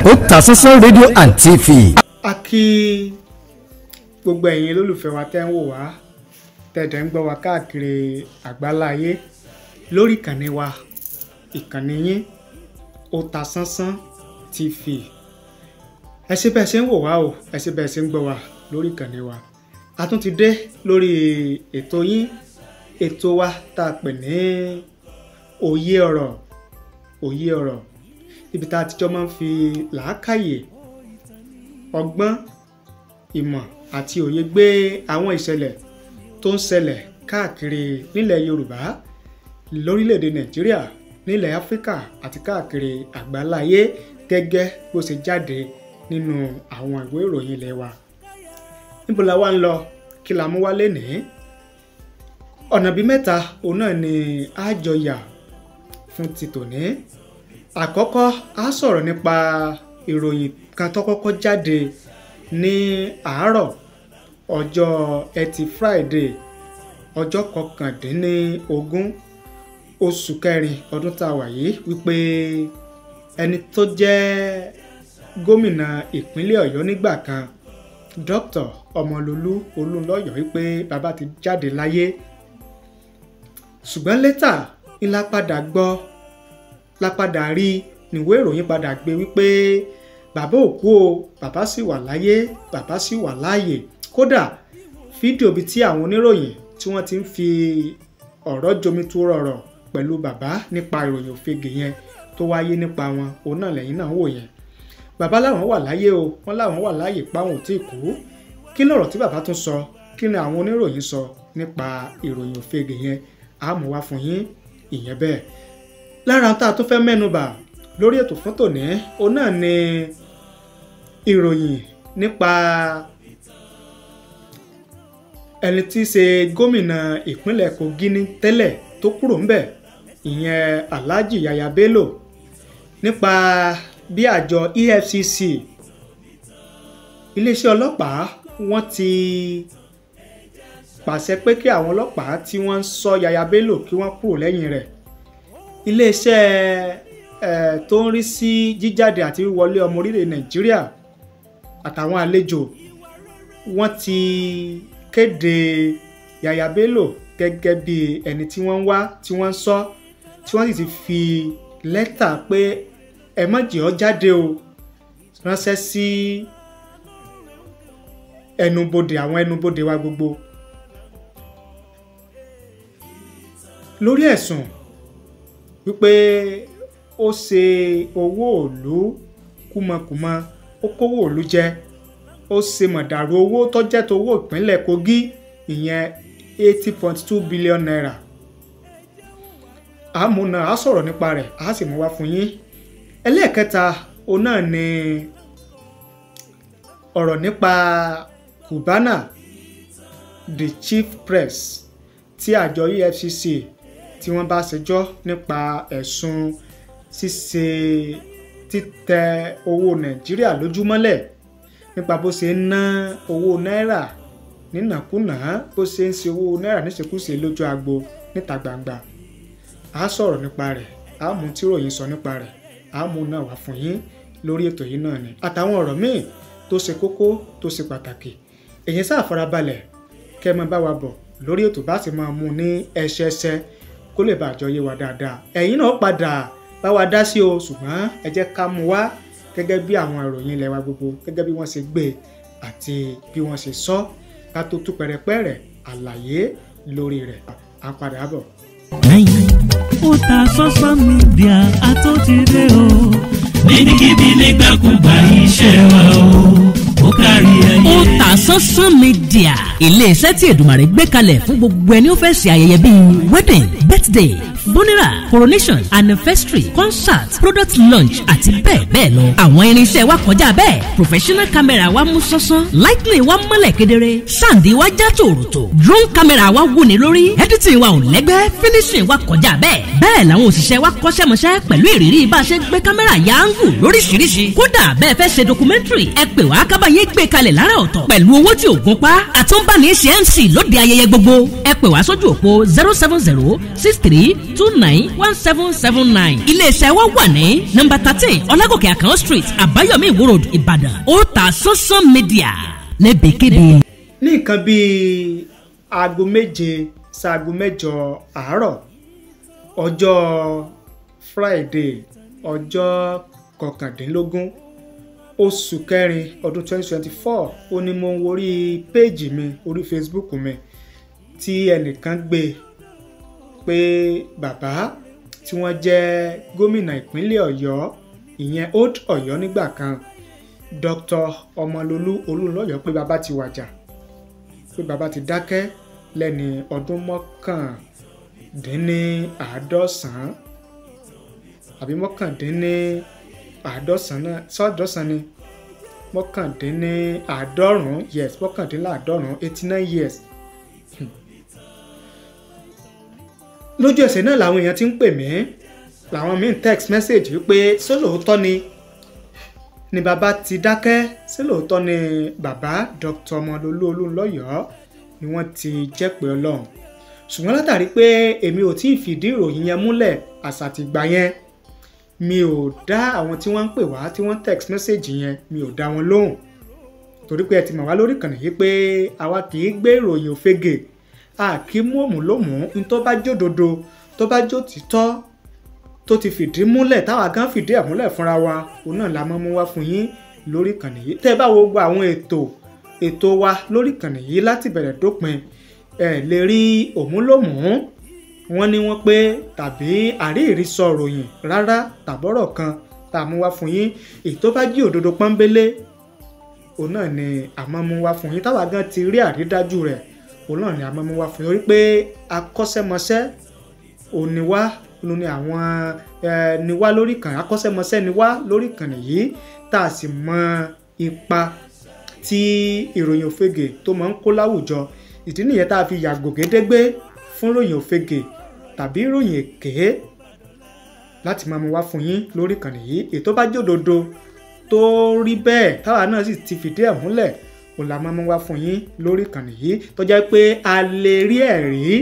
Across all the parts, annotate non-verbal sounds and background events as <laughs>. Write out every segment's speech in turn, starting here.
Otasansan rédíò and TV. a kí gbogbo ẹ̀yin lólùfẹ́ wa tẹ́ ń wò wá tẹ̀dẹ̀ ń gbọ́ wa káàkiri àgbáláyé lórí ìkànnì wa ìkànnì yín Otasansan TV ẹ ṣé bẹ́ẹ̀ ṣe ń wò wá o ẹ ṣé bẹ́ẹ̀ ṣe ń gbọ́ wa lórí ìkànnì wa a tún ti dé lórí ètò yín ètò wa tá a pè ní òye ọ̀rọ̀ òye ọ̀rọ̀ níbi tá a ti jọ máa ń fi làákàyè ọgbọ́n ìmọ̀ àti òye gbé àwọn ìṣẹ̀lẹ̀ tó ń ṣẹlẹ̀ káàkiri nílẹ̀ Yorùbá lórílẹ̀‐èdè Nàìjíríà nílẹ̀ Áfíríkà àti káàkiri àgbáláyé gẹ́gẹ́ bó ṣe jáde nínú àwọn ìwé ìròyìn ilẹ̀ wa níbo la wá ń lọ kí la mú wá lénìí ọ̀nà bíi mẹ́ta òun náà ni àjọyà fún ti tòní àkọ́kọ́ a sọ̀rọ̀ nípa ìròyìn kan tó kọ́kọ́ jáde ní àárọ̀ ọjọ́ ẹtì Friday ọjọ́ kọkàndínlógún oṣù kẹrin ọdún tá a wà yìí wípé ẹni tó jẹ́ gómìnà ìpínlẹ̀ Ọ̀yọ́ nígbà kan Dr. Ọmọlolú Olúńlọ́yọ̀ wípé bàbá ti jáde láyé ṣùgbọ́n létà ńlá padà gbọ́ la padà rí níwé ìròyìn padà gbé wípé bàbá òkú o bàbá sì wà láyé bàbá sì wà láàyè kódà fídíò bíi tí àwọn oníròyìn tí wọ́n ti ń fi ọ̀rọ̀ jomitoro ọ̀rọ̀ pẹ̀lú bàbá nípa ìròyìn òfegè yẹn tó wáyé nípa wọn òun náà lẹ́yìn náà wò yẹn bàbá làwọn wà láyé o wọ́n làwọn wà láàyè páwọn ò tí ì kú kí lọ̀rọ̀ tí bàbá tún sọ kí ni àwọn oníròyìn sọ nípa ìròyìn òfegè yẹn àmúwá fún yín ìyẹn bẹ́ẹ̀ lára tá a tún fẹ́ mẹ́nubà lórí ètò fún tòní òun náà ni ìròyìn nípa ẹni tí í ṣe gómìnà ìpínlẹ̀ Kogi ní tẹ́lẹ̀ tó kúrò ńbẹ̀ ìyẹn Alhaji Yaya Bello nípa bí àjọ EFCC iléeṣẹ́ ọlọ́pàá wọ́n ti pàṣẹ pé kí àwọn ọlọ́pàá tí wọ́n ń sọ Yaya Bello kí wọ́n kúrò lẹ́yìn rẹ̀ iléeṣẹ́ ẹ̀ tó ń rí sí jíjáde àti wíwọlé ọmọ orílẹ̀ nàìjíríà àtàwọn àlejò wọ́n ti kéde Yàyà Bello gẹ́gẹ́ bí ẹni tí wọ́n ń wá tí wọ́n ń sọ tí wọ́n sì ti fi lẹ́tà pé ẹ má jẹ́ ó jáde o ránṣẹ́ sí ẹnubodè àwọn ẹnubodè wa gbogbo lórí ẹ̀sùn wípé ó ṣe owó òòlù kúmọkùmọ ó kówó òòlù jẹ ó ṣe mọ̀dàrú owó tó tó owó ìpínlẹ̀ Kogi ìyẹn eighty point two billion naira àmúna á sọ̀rọ̀ nípa rẹ̀ á sì mú wá fún yín ẹlẹ́ẹ̀kẹta òun náà ni ọ̀rọ̀ nípa Cubana the chief press tí àjọ EFCC tí wọ́n bá ṣẹjọ́ nípa ẹ̀sùn ṣíṣe títẹ owó nàìjíríà lójúmọ́lẹ̀ nípa bó ṣe ń ná owó náírà nínàkúnà bó ṣe ń ṣe owó náírà níṣekúṣe lójú agbo níta gbangba a sọ̀rọ̀ nípa rẹ̀ a mú tí ròyìn sọ nípa rẹ̀ a mú náà wá fún yín lórí ètò yìí náà ni àtàwọn ọ̀rọ̀ míì tó ṣe kókó tó ṣe pàtàkì èyí sáà farabalẹ̀ kẹ́ ẹ máa bá wa bọ̀ lórí ètò bá ti máa mú ní ẹsẹẹsẹ kó lè bàjọ́ yé wa dáadáa ẹ̀yin náà padà bá wa dá sí o ṣùgbọ́n ẹ jẹ́ ká mú wá gẹ́gẹ́ bí àwọn ìròyìn ilẹ̀ wa gbogbo gẹ́gẹ́ bí wọ́n ṣe gbé àti bí wọ́n ṣe sọ ká tó tú pẹ̀rẹ̀pẹ̀rẹ̀ àlàyé lórí rẹ̀ à padà bọ̀. ẹ̀yin Oota social media àtúntì dé o. níbikíbi nígbàkúgbà iṣẹ́ wa o ó ta sánsán media iléeṣẹ́ tí Èdùmàrè gbé kalẹ̀ fún gbogbo ẹni ó fẹ́ ṣe ayẹyẹ bíi wedding birthday funeral coronation anniversary concert product launch àti bẹ́ẹ̀ bẹ́ẹ̀ lọ. àwọn irinṣẹ́ wa kọjá bẹ́ẹ̀ professional camera wa mú sánsan lightning wa mọ́lẹ̀ kedere sandi wa já tòròtò drone camera wa wúni lórí editing wa ò lẹ́gbẹ́ finishing wa kọjá bẹ́ẹ̀. bẹ́ẹ̀ làwọn òṣìṣẹ́ wa kọ́ṣẹ́mọṣẹ́ pẹ̀lú ìrírí bá a ṣe gbé camera yáǹgù lóríṣiríṣi kódà bẹ́ẹ̀ fẹ́ ṣe documentary ẹ pè wá kábàáyé gbé kalẹ̀ lára ọ̀tọ̀ pẹ̀lú owó tí ò gún pa àtúnbánisẹ́ MC lóde ayẹyẹ gbogbo ẹ pè wá sójú òpó zero seven zero six three two nine one seven seven nine iléeṣẹ́ wa wà ní nọ́mbà thirteen ọlágòkè àkàn street àbáyọ̀mí ìwó road ìbàdàn ó social media lẹ́bẹ̀kẹ́bẹ̀. ní nǹkan bíi aago méje ṣaago mẹ́jọ àárọ̀ ọjọ́ friday ọjọ́ kọkàndínlógún oṣù kẹrin ọdún 2024 ó ní mo ń worí péèjì mi orí facebook mi tí ẹnìkan gbé e pé bàbá tí wọ́n jẹ́ gómìnà ìpínlẹ̀ ọ̀yọ́ ìyẹn old ọ̀yọ́ nígbà kan dr ọmọlolú olúńlọ́yọ̀ pé bàbá ti wàjà pé bàbá ti dákẹ́ lẹ́ni ọdún mọ́kàndínláàádọ́sàn-án àbí mọ́kàndínláàádọ́sàn náà sọ́ọ̀dọ́sàn ni mọ́kàndínláàádọ́rùn-ún yes mọ́kàndínláàádọ́rùn-ún eighty nine years. Hmm lójú ẹsẹ̀ náà làwọn èèyàn ti ń pè mí làwọn míì text message wípé ṣé lóòótọ́ ni ni bàbá ti dákẹ́ ṣé lóòótọ́ ni bàbá Dr. Ọmọlolú Olúnlọ́yọ̀ọ́ ni wọ́n ti jẹ́pẹ́ ọlọ́run ṣùgbọ́n látàrí pé èmi ò tí ì fìdí ìròyìn yẹn múlẹ̀ àsàtìgbà yẹn mi ò dá àwọn tí wọ́n ń pè wá tí wọ́n text message yẹn mi ò dá wọn lóhùn torí pé ẹ ti mọ̀ wá lórí ìkànnì yìí pé àwa kì í gbé ìròyìn òfegè àkí mú òmù lómùú ní tó bá jódodo tó bá jó títọ́ tó ti fìdí múlẹ̀ táwa gan fìdí ẹ̀ múlẹ̀ fúnra wa òun náà la mọ́ mú wá fún yín lórí ìkànnì yìí tẹ́ ẹ bá wo gbogbo àwọn ètò ètò wa lórí ìkànnì yìí láti bẹ̀rẹ̀ dópin ẹ̀ lè rí òmúlòmùú wọ́n ní wọ́n pé tàbí àríyìrí sọ ròyìn rárá tàbọ̀rọ̀ kan tá a mú wá fún yín èyí bá jí òdodo pọ́nbélé òun náà ni àmọ́ mú wá fún yín táwa gan ti rí àrídájú rẹ̀ òun náà ni a máa mú wá fún yín torí pé akọ́ṣẹ́mọṣẹ́ òní wá nu ni àwọn ni wá lórí kan akọ́ṣẹ́mọṣẹ́ ni wá lórí kan nìyí tá a sì mọ ipa tí ìròyìn òfegè tó máa ń kó láwùjọ ìdí nìyẹn tá a fi yàgò gédégbé fún ròyìn òfegè tàbí ròyìn èké láti máa mú wá fún yín lórí kan nìyí ètò bá jòdodo tó rí bẹ́ẹ̀ táwa náà sì ti fìdí ẹ̀ múlẹ̀ òun la máa ń wá fún yín lórí ìkànnì yìí tó jẹ́ pé a lè rí ẹ̀rí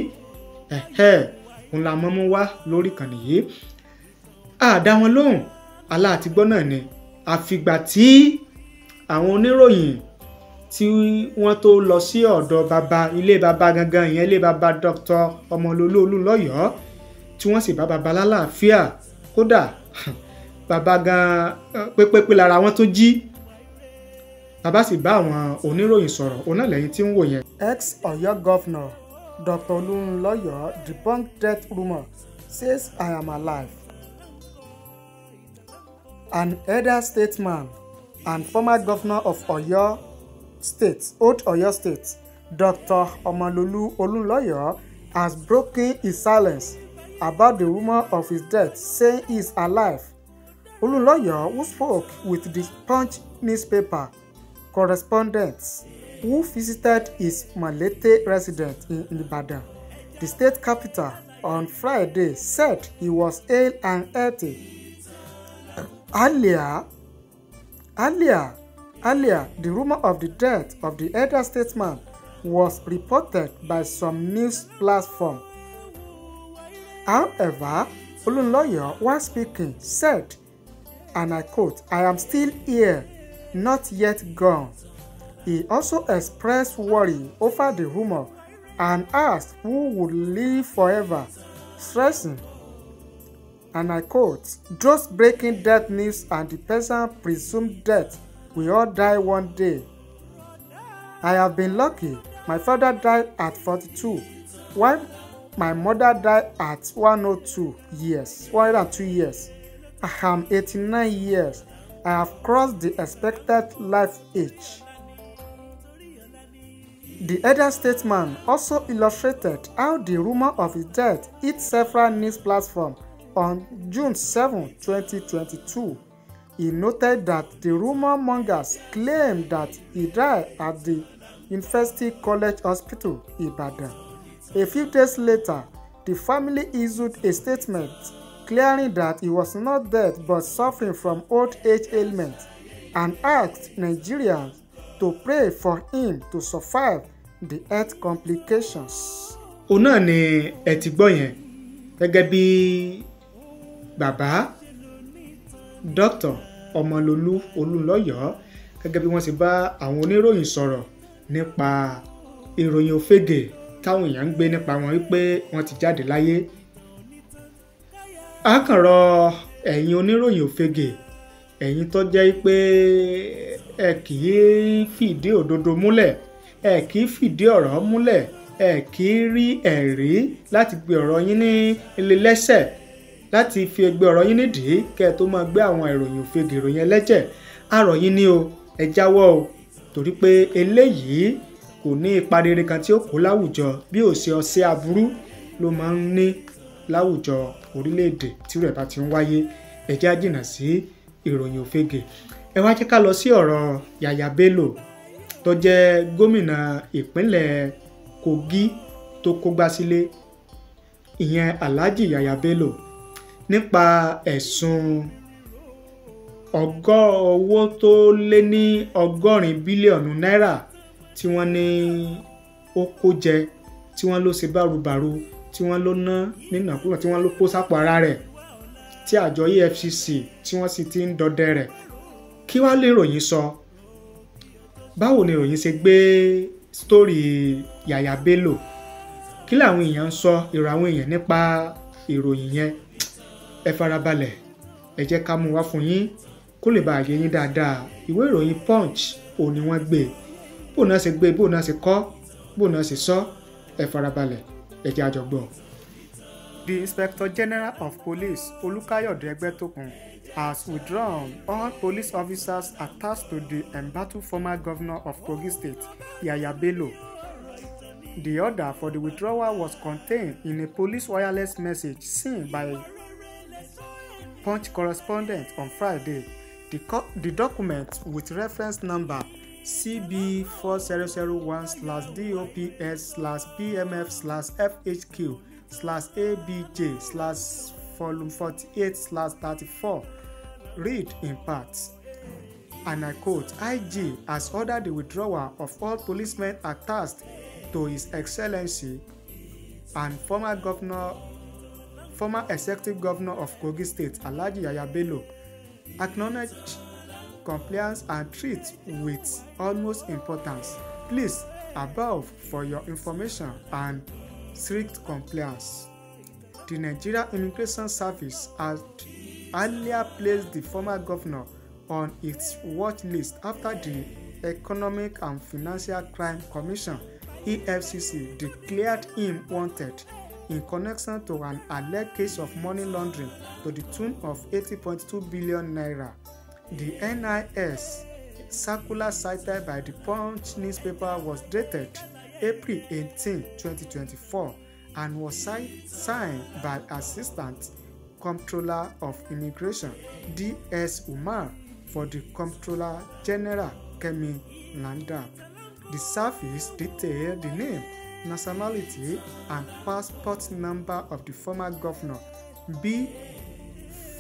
òun la máa ń wá lórí ìkànnì yìí àdá wọn lóhùn aláàtìgbọ́ náà ni àfìgbà tí àwọn oníròyìn tí wọ́n tó lọ sí ọ̀dọ̀ bàbá ilé bàbá gangan ìyẹn ilé bàbá Dr. Ọmọlolú Olúnlọ́yọ̀ tí wọ́n sì bá bàbá lálàáfíà kódà bàbá gan pépépé lára wọn tó jí bàbá sì bá àwọn oníròyìn sọ̀rọ̀ òun tí ń wò yẹn. ex Ọ̀yọ́ governor Dr. Olúnlọ́yọ̀ debunk death rumour says I am alive. An elder statesman and former governor of Oyo state old Ọ̀yọ́ state Dr. Ọmọlolú Olúnlọ́yọ̀ has broken his silence about the rumour of his death saying he is alive. Olunloyo, who spoke with the Punch newspaper correspondents who visited his Malete residence in Ibadan, the state capital, on Friday said he was ill and healthy. Earlier, earlier, earlier, the rumor of the death of the elder statesman was reported by some news platform. However, Olunloyo, while speaking, said, and I quote, I am still here not yet gone. He also expressed worry over the rumor and asked who would live forever, stressing, and I quote, those breaking death news and the person presumed dead will all die one day. I have been lucky. My father died at 42, while my mother died at 102 years, 102 years. I am 89 years. I have crossed the expected life age. The elder statesman also illustrated how the rumor of his death hit several news platforms on June 7, 2022. He noted that the rumor mongers claimed that he died at the University College Hospital, Ibadan. A few days later, the family issued a statement declaring that he was not dead but suffering from old age ailment and asked Nigerians to pray for him to survive the health complications. òun náà ni ẹ ti gbọ́ yẹn gẹ́gẹ́ bí bàbá dókítà ọmọlólú olúńlọ́yọ̀ọ́ gẹ́gẹ́ bí wọ́n ti bá àwọn oníròyìn sọ̀rọ̀ nípa ìròyìn òfegè táwọn èèyàn ń gbé nípa wọn wípé wọ́n ti jáde láyé a kàn rọ ẹ̀yin oníròyìn òfegè ẹ̀yin tó jẹ́ pé ẹ kì í fìdí òdodo múlẹ̀ ẹ kì í fìdí ọ̀rọ̀ múlẹ̀ ẹ kì í rí ẹ̀rí láti gbé ọ̀rọ̀ yín ní ilé lẹ́sẹ̀ láti fi gbé ọ̀rọ̀ yín nídìí kẹ́ ẹ tó máa gbé àwọn ìròyìn òfegè ìròyìn ẹlẹ́jẹ̀ àrọ̀ yín ni o ẹ jáwọ́ o torí pé eléyìí kò ní ipa rere kan tí ó kó láwùjọ bí ó ṣe ọṣẹ́ aburú ló máa ń ní láwùjọ orílẹ̀-èdè tí rẹ̀ bá ti ń wáyé ẹ jẹ́ á jìnnà sí ìròyìn òfegè ẹ wá jẹ́ ká lọ sí ọ̀rọ̀ Yaya Bello tó jẹ́ gómìnà ìpínlẹ̀ Kogi tó kógbá sílé ìyẹn Alhaji Yaya Bello nípa ẹ̀sùn ọgọ́ owó tó lé ní ọgọ́rin bílíọ̀nù náírà tí wọ́n ní ó kó jẹ tí wọ́n ló ṣe bárubàru tí wọ́n ló ná nínàkúnà tí wọ́n ló kó sápò ara rẹ̀ tí àjọ EFCC tí wọ́n sì ti ń dọdẹ rẹ̀ kí wàá lè ròyìn sọ báwo ni ròyìn ṣe gbé sítórì Yàyà Bello kí làwọn èèyàn ń sọ èrò àwọn èèyàn nípa ìròyìn yẹn ẹ farabalẹ̀ ẹ jẹ́ ká mú wá fún yín kó lè bàa yé yín dáadáa ìwé ìròyìn punch òun ni wọ́n gbé bó náà ṣe gbé bó náà ṣe kọ bó náà ṣe sọ ẹ farabalẹ̀ ẹ jẹ́ àjọgbọ́n. The Inspector General of Police Olukayode Egbetokun has withdrawn all police officers attached to the embattled former governor of Kogi State, Yaya Bello. The order for the withdrawal was contained in a police wireless message seen by Punch correspondent on Friday. The, the document with reference number CB four zero zero one slash DOPS slash PMF slash FHQ slash ABJ slash volume forty eight slash thirty four read in parts and I quote IG has ordered the withdrawal of all policemen attached to His Excellency and former governor former executive governor of Kogi State Alhaji Yaya acknowledge compliance and treat with utmost importance. Please above for your information and strict compliance. The Nigeria Immigration Service has earlier placed the former governor on its watch list after the Economic and Financial Crime Commission EFCC declared him wanted in connection to an alleged case of money laundering to the tune of 80.2 billion naira The NIS circular cited by the Punch newspaper was dated April 18, 2024, and was signed by Assistant Comptroller of Immigration D.S. Umar for the Comptroller General Kemi Landap. The service detailed the name, nationality, and passport number of the former governor B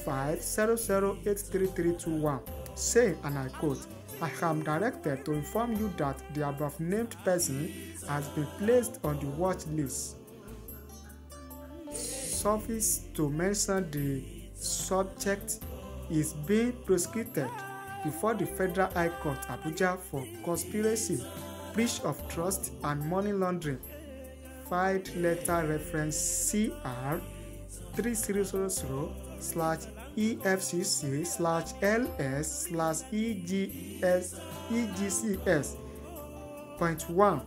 five zero zero eight three three two one saying, and I quote, I am directed to inform you that the above named person has been placed on the watch list. Suffice to mention the subject is being prosecuted before the Federal High Court Abuja for conspiracy, breach of trust, and money laundering. Filed letter reference CR zero slash efcc slash ls slash egs egcs point one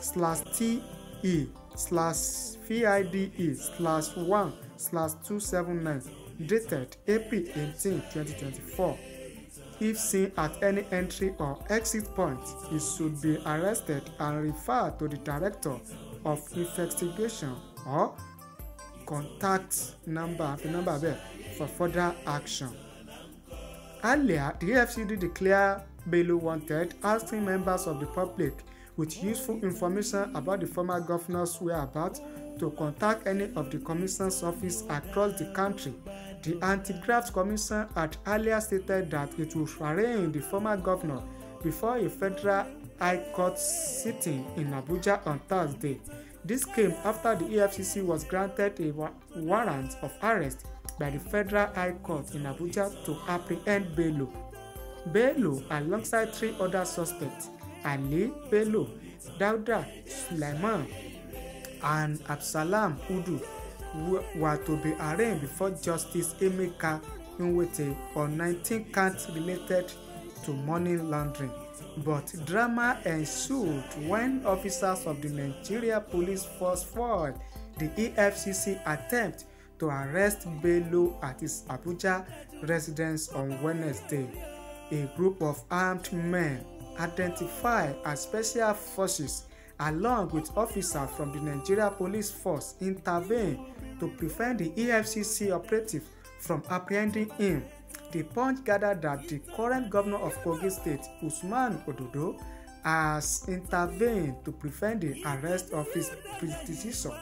slash te slash fide slash one slash two seven nine dated april eighteen twenty twenty four if seen at any entry or exit point he should be arrested and referred to the director of investigation or contact number àfi number bẹ́ẹ̀ for further action. Earlier, the AFCD declared Bello wanted, asking members of the public with useful information about the former governor's whereabouts to contact any of the commission's office across the country. The Anti-Graft Commission had earlier stated that it would arraign the former governor before a federal high court sitting in Abuja on Thursday. This came after the EFCC was granted a warrant of arrest by the Federal High Court in Abuja to apprehend Bello. Bello, alongside three other suspects, Ali Bello, Dauda Sulaiman, and Absalam Udu, were to be arraigned before Justice Emeka Nwite on 19 counts related to money laundering. But drama ensued when officers of the Nigeria Police Force foiled the EFCC attempt to arrest Bello at his Abuja residence on Wednesday. A group of armed men identified as special forces along with officers from the Nigeria Police Force intervened to prevent the EFCC operative from apprehending him. The Punch gathered that the current governor of Kogi State, Usman Ododo, has intervened to prevent the arrest of his predecessor.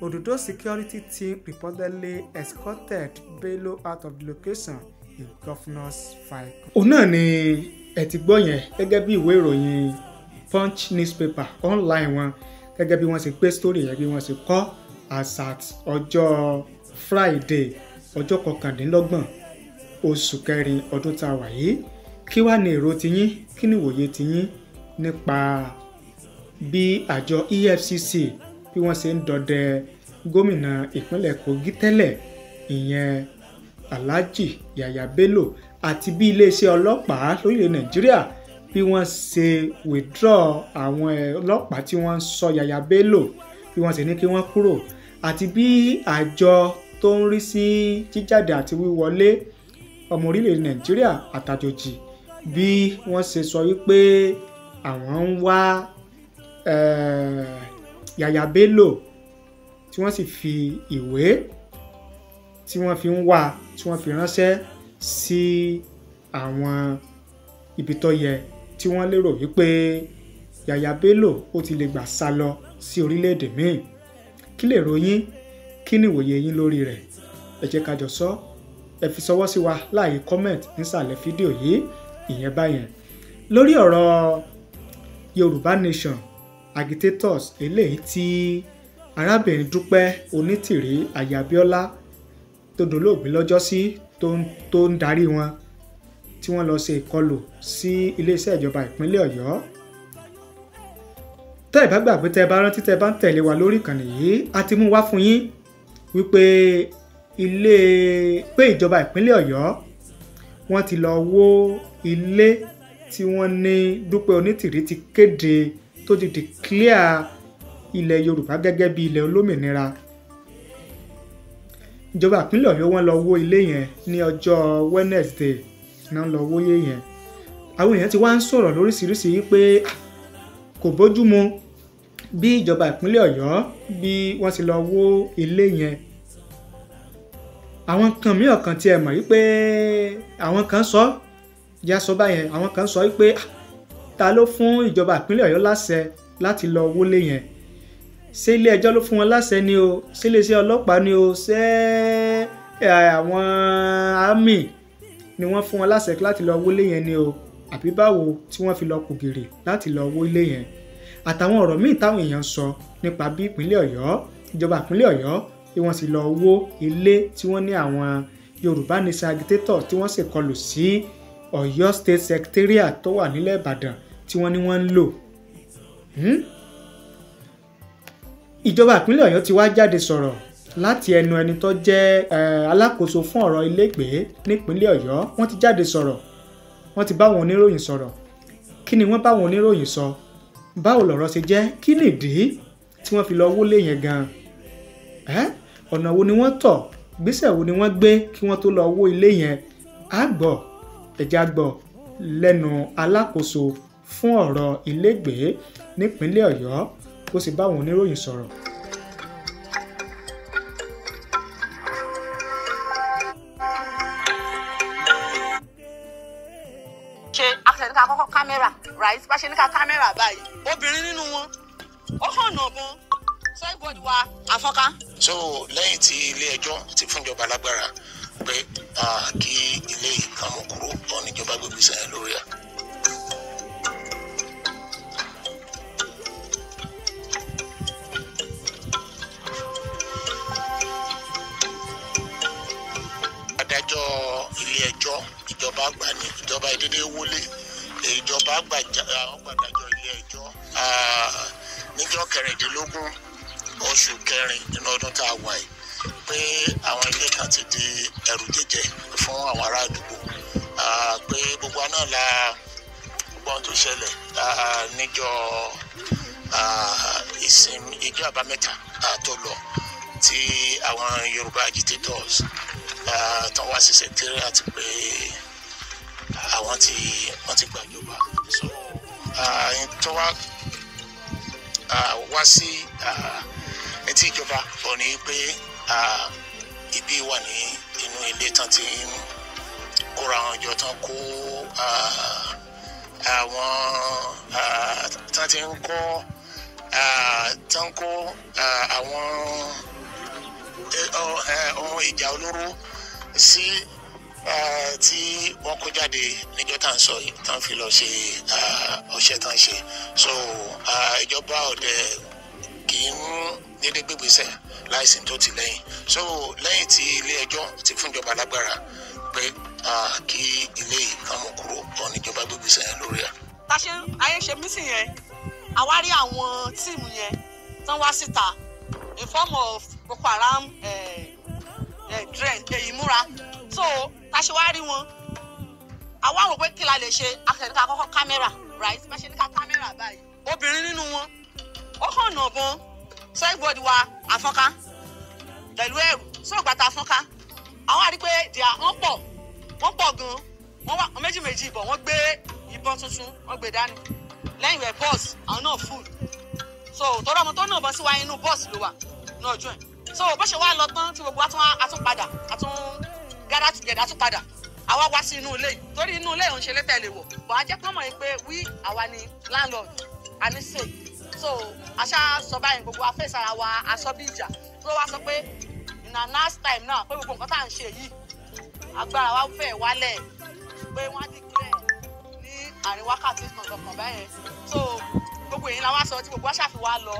Ododo security team reportedly escorted Bello out of the location in governor's vehicle. òun náà ni ẹ ti gbọ́ yẹn gẹ́gẹ́ bí ìwé ìròyìn punch newspaper online wọn gẹ́gẹ́ bí wọ́n ṣe gbé story yẹn bí wọ́n ṣe kọ́ asat ọjọ́ friday ọjọ́ kọkàndínlọ́gbọ̀n oṣù kẹrin ọdún tá a wà yìí kí wàá ní èrò tiyín kí ni ìwòye tiyín nípa bí àjọ efcc bí wọ́n ṣe ń dọdẹ gómìnà ìpínlẹ̀ Kogi tẹ́lẹ̀ ìyẹn Alhaji Yahaya Bello àti bí iléeṣẹ́ ọlọ́pàá lórílẹ̀ Nàìjíríà bí wọ́n ṣe withdraw àwọn ọlọ́pàá tí wọ́n ń sọ Yahaya Bello bí wọ́n ṣe ní kí wọ́n kúrò àti bí àjọ tó ń rí sí jíjáde àti wíwọlé ọmọ orílẹ̀ Nàìjíríà àtàjòjì bí wọ́n ṣe sọ wípé àwọn ń wá ẹ̀ẹ́ eh, Yàyà Bello tí wọ́n sì fi ìwé tí wọ́n fi ń wá tí wọ́n fi ránṣẹ́ sí àwọn ibi tó yẹ tí wọ́n lérò wípé Yàyà Bello ó ti lè gbà sá lọ sí orílẹ̀-èdè míì kí lè ròyìn kí ni ìwòye yín lórí rẹ̀ ẹ jẹ́ ká jọ sọ ẹ fi ṣọwọ́ sí wa láàyè comment nísàlẹ̀ fídíò yìí ìyẹn báyẹn lórí ọ̀rọ̀ Yorùbá Nation agitators eléyìí tí arábìnrin dúpẹ́ onítìrí ayabiola tó dolóògbé lọ́jọ́sí tó ń darí wọn tí wọ́n lọ ṣe ìkọlù sí iléeṣẹ́ ìjọba ìpínlẹ̀ ọ̀yọ́ tẹ́ ẹ̀ bá gbàgbé tẹ́ ẹ bá rántí tẹ́ ẹ bá ń tẹ̀lé wa lórí ìkànnì yìí a ti mú wá fún yín wípé ilé pé ìjọba ìpínlẹ̀ ọ̀yọ́ wọ́n ti lọ wó ilé tí wọ́n ní dúpẹ́ onítìrí ti kéde tó ti declare ilẹ̀ Yorùbá gẹ́gẹ́ bí ilẹ̀ olómìnira ìjọba ìpínlẹ̀ Ọ̀yọ́ wọn lọ wó ilé yẹn ní ọjọ́ Wednesday náà lọ wóyé yẹn àwọn èèyàn ti wá ń sọ̀rọ̀ lóríṣiríṣi pé kò bójú mu bí ìjọba ìpínlẹ̀ Ọ̀yọ́ bí wọ́n ti lọ wó ilé yẹn àwọn kan mí ọ̀kan tiẹ̀ mọ̀ wípé àwọn kan sọ yá sọ báyẹn àwọn kan sọ wípé ah ta ló fún ìjọba ìpínlẹ̀ ọ̀yọ́ láṣẹ láti lọ wọlé yẹn ṣé ilé ẹjọ́ ló fún wọn láṣẹ ni o ṣé iléeṣẹ́ ọlọ́pàá ni o ṣé àwọn àmì ni wọ́n fún wọn láṣẹ láti lọ wọlé yẹn ni o àbí báwo tí wọ́n fi lọ kògèrè láti lọ wọlé yẹn àtàwọn ọ̀rọ̀ míì táwọn èèyàn sọ nípa bí ìpínlẹ̀ ọ̀yọ́ ìjọba ìpínlẹ̀ ọ̀yọ́ bí wọ́n ti lọ wó ilé tí wọ́n ní àwọn yorùbá nation agitator tí wọ́n sì kọlù sí ọ̀yọ́ state secretariat tó wà nílẹ̀ ìbàdàn tí wọ́n ní wọ́n ń lò. Hmm? ìjọba ìpínlẹ̀ ọ̀yọ́ ti wá jáde sọ̀rọ̀ láti ẹnu ẹni tó jẹ́ alákòóso fún ọ̀rọ̀ ilégbèé nípínlẹ̀ ọ̀yọ́ wọ́n ti jáde sọ̀rọ̀ wọ́n ti báwọn oníròyìn sọ̀rọ̀ kí ni wọ́n báwọn oníròyìn sọ báwo lọ̀rọ̀ ṣe jẹ́ kí nìdí tí wọ́n fi lọ wọlé yẹn gan ọ̀nà wo ni wọ́n tọ̀ gbésẹ̀ wo ni wọ́n gbé kí wọ́n tó lọ wó ilé yẹn á gbọ́ ẹ̀já lẹ́nu alákòóso fún ọ̀rọ̀ ilégbèé nípínlẹ̀ ọ̀yọ́ ó sì bá àwọn oníròyìn sọ̀rọ̀. ṣe àfẹsẹ̀ níka kọ́kọ́ kámẹ́rà ráìsì bá ṣe níka kámẹ́rà báyìí obìnrin nínú wọn ó hàn náà bọ́n sẹ́gbọ̀dì wa àfọ́ká. so lẹ́yìn tí ilé ẹjọ́ ti fúnjọba lágbára pé kí ilé ìkàmú kúrò ọ̀ níjọba gbèbí sẹ́yìn lórí ẹ̀. ìjọba àgbà ni ìjọba ìdílé wọlé ìjọba àgbà ọgbàdàjọ ilé ẹjọ́ níjọ́ kẹrìndínlógún oṣù kẹrin nínú ọdún tá a wà yìí pé àwọn ilé kan ti di ẹrù jẹjẹ fún àwọn ará àdúgbò pé gbogbo náà la gbọ́n tó ṣẹlẹ̀ níjọ́ ìsinmi ìjọ àbámẹ́ta tó lọ tí àwọn Yorùbá agitators tán wá sí secretariat pé àwọn ti wọ́n ti gbàjọba so tó wá wá sí etí ìjọba ò ní pé ibi wà ní inú ilé tán ti ń kóra àwọn ìjọ tán kó àwọn tán ti ń kọ́ tán kó àwọn ohun ìjà olóró sí. Si, tí wọ́n kó jáde níjọ́ tá à sọ yìí tá à fi lọ ṣe ọṣẹ́ tá à ṣe so ìjọba ọ̀dẹ kì í mú dédé gbégbèsè láìsí tó ti lẹ́yìn so lẹ́yìn tí ilé ti fún lágbára pé kí ilé ìkàmú kúrò ọ̀n gbégbèsè yẹn lórí ẹ̀. tá ṣe ayé ṣe mítì yẹn àwa àwọn tíìmù yẹn tán wá síta in form of Boko Haram ìmúra eh, eh, so a ṣe wá rí wọn àwa rò pé kí la lè ṣe akẹ́ríkà kọ́kọ́ kámẹ́rà right bá ṣe ní ká kámẹ́rà báyìí obìnrin nínú wọn ó hàn nà bọ́n sẹ́gbọ̀dì wa àfọ́nká pẹ̀lú ẹ̀rù sọ̀gbà tá a fọ́nká àwọn àrí pé dìá wọ́n pọ̀ wọ́n pọ̀ gan-an wọ́n wà wọ́n méjì méjì ìbọn wọ́n gbé ìbọn tuntun wọ́n gbé dání lẹ́yìn rẹ̀ bọ́ọ̀sì àwọn náà fúl so tọ́lá ọmọ tó náà bọ́ sí wa inú bọ́ọ̀sì ló wà náà jọ ẹ̀ so bó ṣe wá lọ tán tí gbogbo wa tún àtúnpadà àtún gather together tún padà àwa wá sí inú ilé torí inú ilé òun ṣe lé tẹ̀lé wò bọ̀ á jẹ́ pé mọ̀ pé wí àwa ni landlord a ní sè so aṣá sọ báyìí gbogbo afẹ́sára wa aṣọ bí ìjà tó wá sọ pé ìnà last time náà pé gbogbo nǹkan tá à ń ṣe yìí agbára wa fẹ́ wálẹ̀ pé wọ́n á dì kílẹ̀ ní àárín wákàtí kọ̀ọ̀kan báyẹn so gbogbo èyí la wá sọ tí gbogbo aṣá fi wá lọ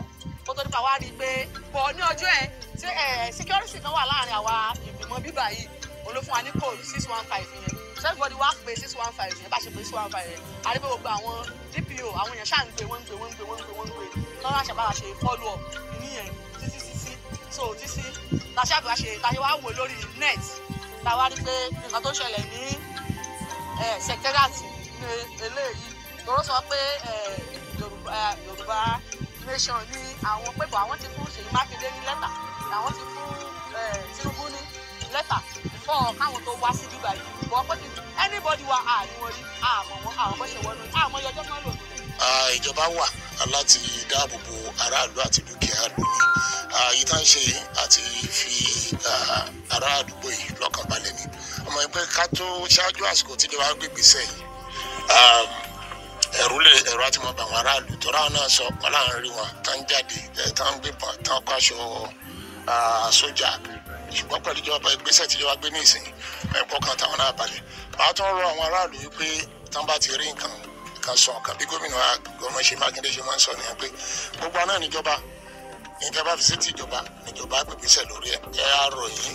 kó tó nípa wá rí i pé bọ̀ ní ọjọ́ ẹ̀ security kan wà láàárín àwa ìgbìmọ̀ bíbà yìí olófún wa ní code six one five yẹn everybody wá pé six one five yẹn bá ṣe pé six one five yẹn àdébò gbogbo àwọn dpo àwọn èèyàn ṣáà ń gbé wọ́n ń gbé wọ́n ń gbé wọ́n ń gbé wọ́n ń gbé tọ́ láṣà ṣe follow up nìyẹn títí títí so títí láṣà bá ṣe láṣà wá wò lórí net la wá rí pé nǹkan tó ṣẹlẹ̀ ní secretariat ní eléyìí lọ́rọ́ sọ pé yorùbá nation ní àwọn pé àwọn ti fún Ṣèyí Mákindé ní lẹ́tà àwọn ti fún Tinubu ní lẹ́tà fọ́ọ̀ káwọn tó wá sí dúbà bọ́ pé anybody wa àní wọn rí àmọ́ wọn àwọn bó ṣe wọnú àmọ́ yọjọ́ kan lò. ìjọba wà láti dáàbò bo aráàlú àti dúkìá lù ní tá ń ṣe àti fi ará àdúgbò yìí lọ́kàn balẹ̀ ni ọmọ ẹgbẹ́ ká tó ṣáájú àsìkò tí ìjọba gbègbè sẹ́yìn ẹ̀rú lè ẹ̀rọ àti mọ̀ bàwọn aráàlú tọ́ra náà sọ ọ̀pọ̀ láàrin rí wọn tá ń jáde tá ń gbébọn tá ń kọ́ aṣọ sójà ṣùgbọ́n pẹ̀lú ìjọba ìgbésẹ̀ tíjọba gbé ní ìsìn ẹ̀kọ́ kan táwọn náà balẹ̀ màá tún rọ àwọn aráàlú yìí pé tán bá ti rí nǹkan kan sọ nǹkan bí gómìnà ọmọ ṣe mákindé ṣe máa ń sọ nìyẹn pé gbogbo náà níjọba níjọba fi sétí ìjọba níjọba gbègbèsẹ̀ lórí ẹ̀ ẹ á rọ yìí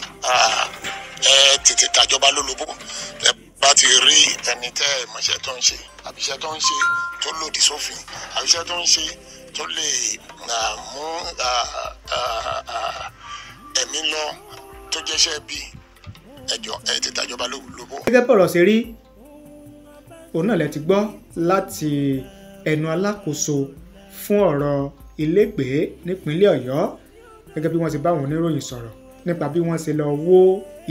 ẹ tètè tàjọba lólobó ẹ bá ti rí ẹni tẹ́ ẹ mọ̀ṣẹ́ tó ń ṣe àbíṣẹ́ tó ń ṣe tó lòdì sófin àbíṣẹ́ tó ń ṣe tó lè mú ẹ̀mí lọ tó jẹ́ṣẹ́ bí ẹjọ́ ẹ̀ tètè àjọba lóbó. gẹ́gẹ́ bọ̀rọ̀ ṣe rí òun náà lẹ ti gbọ́ láti ẹnu alákòóso fún ọ̀rọ̀ ilégbèé nípínlẹ̀ ọ̀yọ́ gẹ́gẹ́ bí wọ́n ti bá àwọn oníròyìn sọ̀rọ̀ nípa bí wọ́n ṣe lọ wó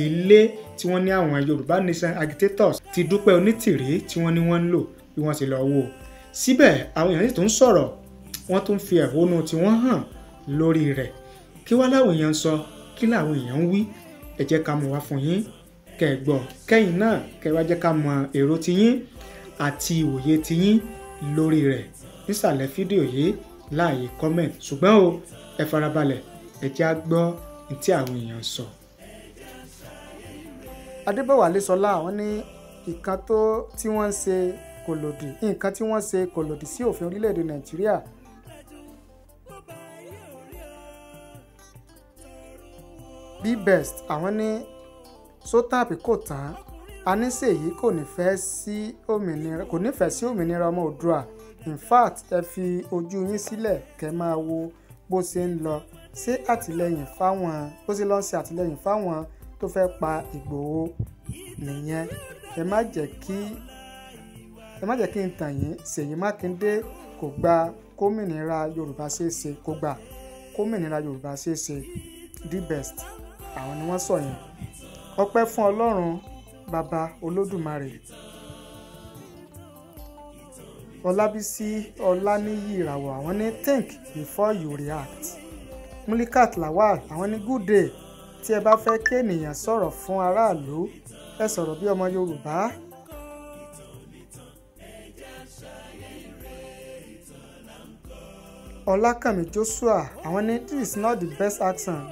ilé tí wọ́n ní àwọn yorùbá nation agitators ti dúpẹ́ onítìrí tí wọ́n ní wọ́n ń lò bí wọ́n ṣe lọ wó síbẹ̀ àwọn èèyàn sì tún sọ̀rọ̀ wọ́n tún fi ẹ̀hónú tiwọn hàn lórí rẹ̀ kí wá láwọn èèyàn ń sọ kí láwọn èèyàn ń wí ẹ jẹ́ ká mọ̀ wá fún yín kẹ́ ẹ gbọ́ kẹ́yìn náà kẹ́ ẹ wá jẹ́ ká mọ̀ èrò tiyín àti ìwòye tiyín lórí rẹ̀ nísàlẹ̀ fídíò yìí láàyè comment ṣùgbọ́n o ẹ farabalẹ̀ ẹ jẹ́ á gbọ́ ní tí àwọn èèyàn ń sọ. Adébọ̀wálé Ṣọlá àwọn ní ìkan tó tí wọ́n ń ṣe kò lòdì nǹkan tí wọ́n ṣe kò lòdì sí òfin orílẹ̀-èdè Nàìjíríà bbest àwọn ní sotap kò tán anísèyí kò nífẹ̀ẹ́ sí òmìnira kò nífẹ̀ẹ́ sí òmìnira ọmọ òdua in fact ẹ fi ojú yín sílẹ̀ kẹ́ máa wo bó ṣe ń lọ ṣe àtìlẹ́yìn fáwọn bó ṣe lọ ń ṣe àtìlẹ́yìn fáwọn tó fẹ́ pa Ìgbòho nìyẹn ẹ má jẹ́ kí ẹ má jẹ́ kí n tàn yín Ṣèyí Mákindé kò gba kómìnira Yorùbá ṣeéṣe kò gba kómìnira Yorùbá ṣeéṣe the best àwọn ni wọ́n sọ yẹn ọpẹ́ fún ọlọ́run bàbá olódùmarè ọlábísí ọláníyì ìràwọ̀ àwọn ní think before you react mulikat lawal àwọn ní good day tí ẹ bá fẹ́ kí ènìyàn sọ̀rọ̀ fún aráàlú ẹ sọ̀rọ̀ bí ọmọ yorùbá ọlákànmí joshua àwọn ní this is not the best accent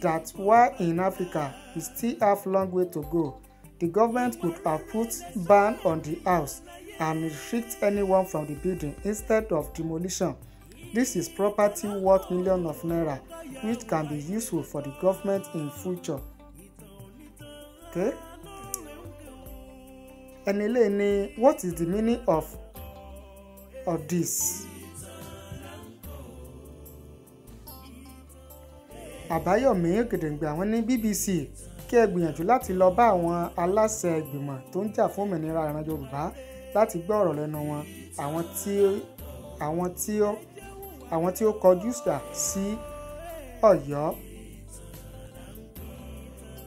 that while in Africa we still have long way to go, the government could have put ban on the house and restrict anyone from the building instead of demolition. This is property worth millions of naira which can be useful for the government in future. Okay? Ẹni lè ní what is the meaning of of this? àbáyọ̀mí ògèdèǹgbà wọn ní bbc kí ẹ gbìyànjú láti lọ bá àwọn aláṣẹ ìgbìmọ̀ tó ń jà fún òmìnira ìran yorùbá láti gbọ́ ọ̀rọ̀ lẹ́nu wọn àwọn tí àwọn tí ó àwọn tí ó kọjú sà sí ọ̀yọ́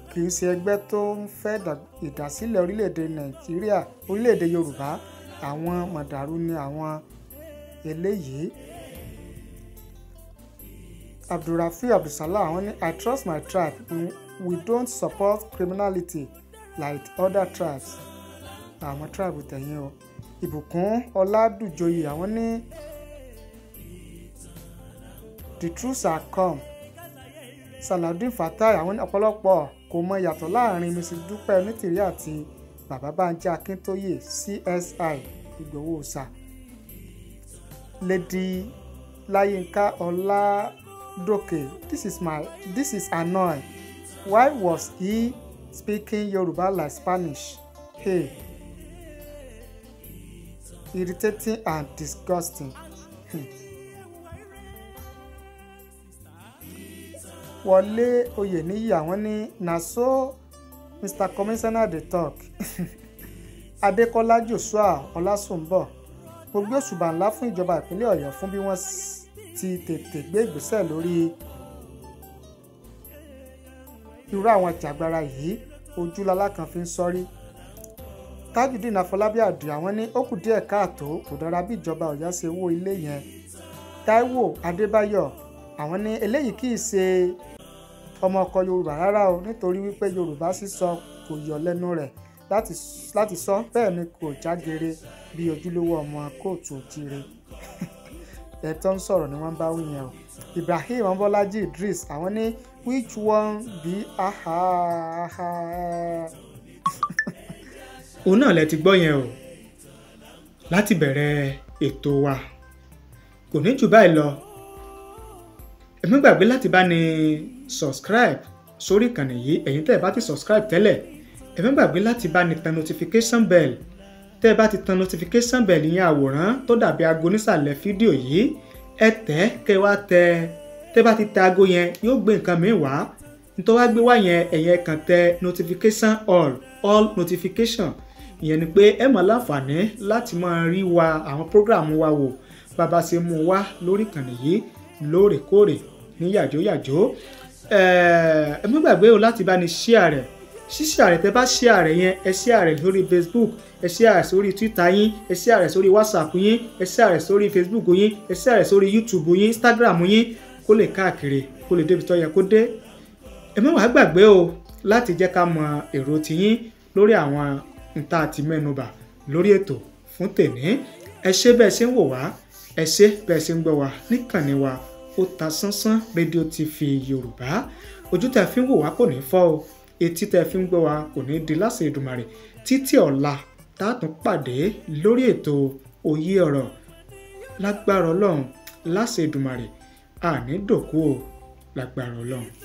kì í ṣe ẹgbẹ́ tó ń fẹ́ ìdásílẹ̀ orílẹ̀ nàìjíríà orílẹ̀ yorùbá àwọn mọ̀dàrú ni àwọn eléyìí abdulrafi abdulsalam wọn ní i trust my tribe we don't support criminality like other tribes àwọn tribe tẹ̀yìn o ìbùkún ọládùjọyè àwọn ní the truth are come saladin fatai àwọn ọ̀pọ̀lọpọ̀ kò mọ ìyàtọ̀ láàrin mrs dúpẹ́ onítìrí àti bàbá bánjí akíntóyè csi ìgbòho ọ̀sà lady láyínká ọlá Doke, this is my this is annoying. Why was he speaking Yoruba like Spanish? Hey. Irritating and disgusting. Hmm. Wọlé Oyèníyì àwọn ní na so Mr. Commissioner dey talk. <laughs> Adekola Joshua Ọlásùnbọ̀ gbogbo òṣùbà ńlá fún ìjọba ìpínlẹ̀ Ọ̀yọ́ fún bí wọ́n sì ti tètè gbé ìgbésẹ̀ lórí irú àwọn jàgbára yìí ojú lala kan fi ń sọrí tajudeen afọlábí àdì àwọn ní ó kù díẹ̀ káàtó kò dára bí ìjọba ọ̀yọ́ ṣe wó ilé yẹn taiwo adébáyọ̀ àwọn ní eléyìí kì í ṣe ọmọ ọkọ yorùbá rárá o nítorí wípé yorùbá sísọ kò yọ lẹ́nu rẹ̀ láti sọ bẹ́ẹ̀ ni kò jágere bí ojúlówó ọmọ kóòtù òjire <laughs> ẹ tó ń sọ̀rọ̀ ni wọ́n bá wí yẹn o Ibrahim Bọ́lájí Idris àwọn ní which one be aha aha. <laughs> òun náà lẹ ti gbọ́ yẹn o láti bẹ̀rẹ̀ ètò wa kò ní jù báyìí lọ ẹ má gbàgbé láti bá ní subscribe sórí ìkànnì yìí ẹ̀yin tẹ́ ẹ bá ti subscribe tẹ́lẹ̀ ẹ má gbàgbé láti bá ní tan notification bell tẹ́ ẹ bá ti tan notification bell yẹn àwòrán tó dàbí aago nísàlẹ̀ fídíò yìí ẹ tẹ̀ kẹ́ wá tẹ tẹ́ bá ti tẹ aago yẹn yóò gbé nǹkan mìíràn wá nítorí wá gbé wá yẹn ẹ̀yẹ kàn tẹ notification all all notification ìyẹn ni pé ẹ máa láǹfààní láti máa rí wa àwọn program wa wò bàbá ṣe mú wa lórí ìkànnì yìí lóòrèkóòrè ní yàjóyàjó ẹ ẹ mú gbàgbé o láti bá ní ṣíà rẹ̀ ṣíṣe ààrẹ tẹ bá ṣe ààrẹ yẹn ẹ ṣe ààrẹ lórí facebook ẹ ṣe ààrẹ sórí twitter yín ẹ ṣe ààrẹ sórí whatsapp yín ẹ ṣe ààrẹ sórí facebook yín ẹ ṣe ààrẹ sórí youtube yín instagram yín kó lè káàkiri kó lè débi tó yẹ kó dé ẹ má wàá gbàgbé o láti jẹ́ ká mọ èrò tiyín lórí àwọn nta àti mẹ́nubà lórí ètò fún tèmi ẹ ṣe bẹ́ẹ̀ ṣe ń wò wá ẹ ṣe bẹ́ẹ̀ ṣe ń gbọ́ wá níkànnì wa ó ta sánsán rédíò tv yorùbá ojú fi ń wò wá kò ní fọ́ o etí tẹ́ fi ń gbọ́ wa kò ní di láṣẹ Èdùmàrè títí ọ̀la tá a tún pàdé lórí ètò òye ọ̀rọ̀ lágbára Ọlọ́run láṣẹ Èdùmàrè àní dòkú o lágbára Ọlọ́run.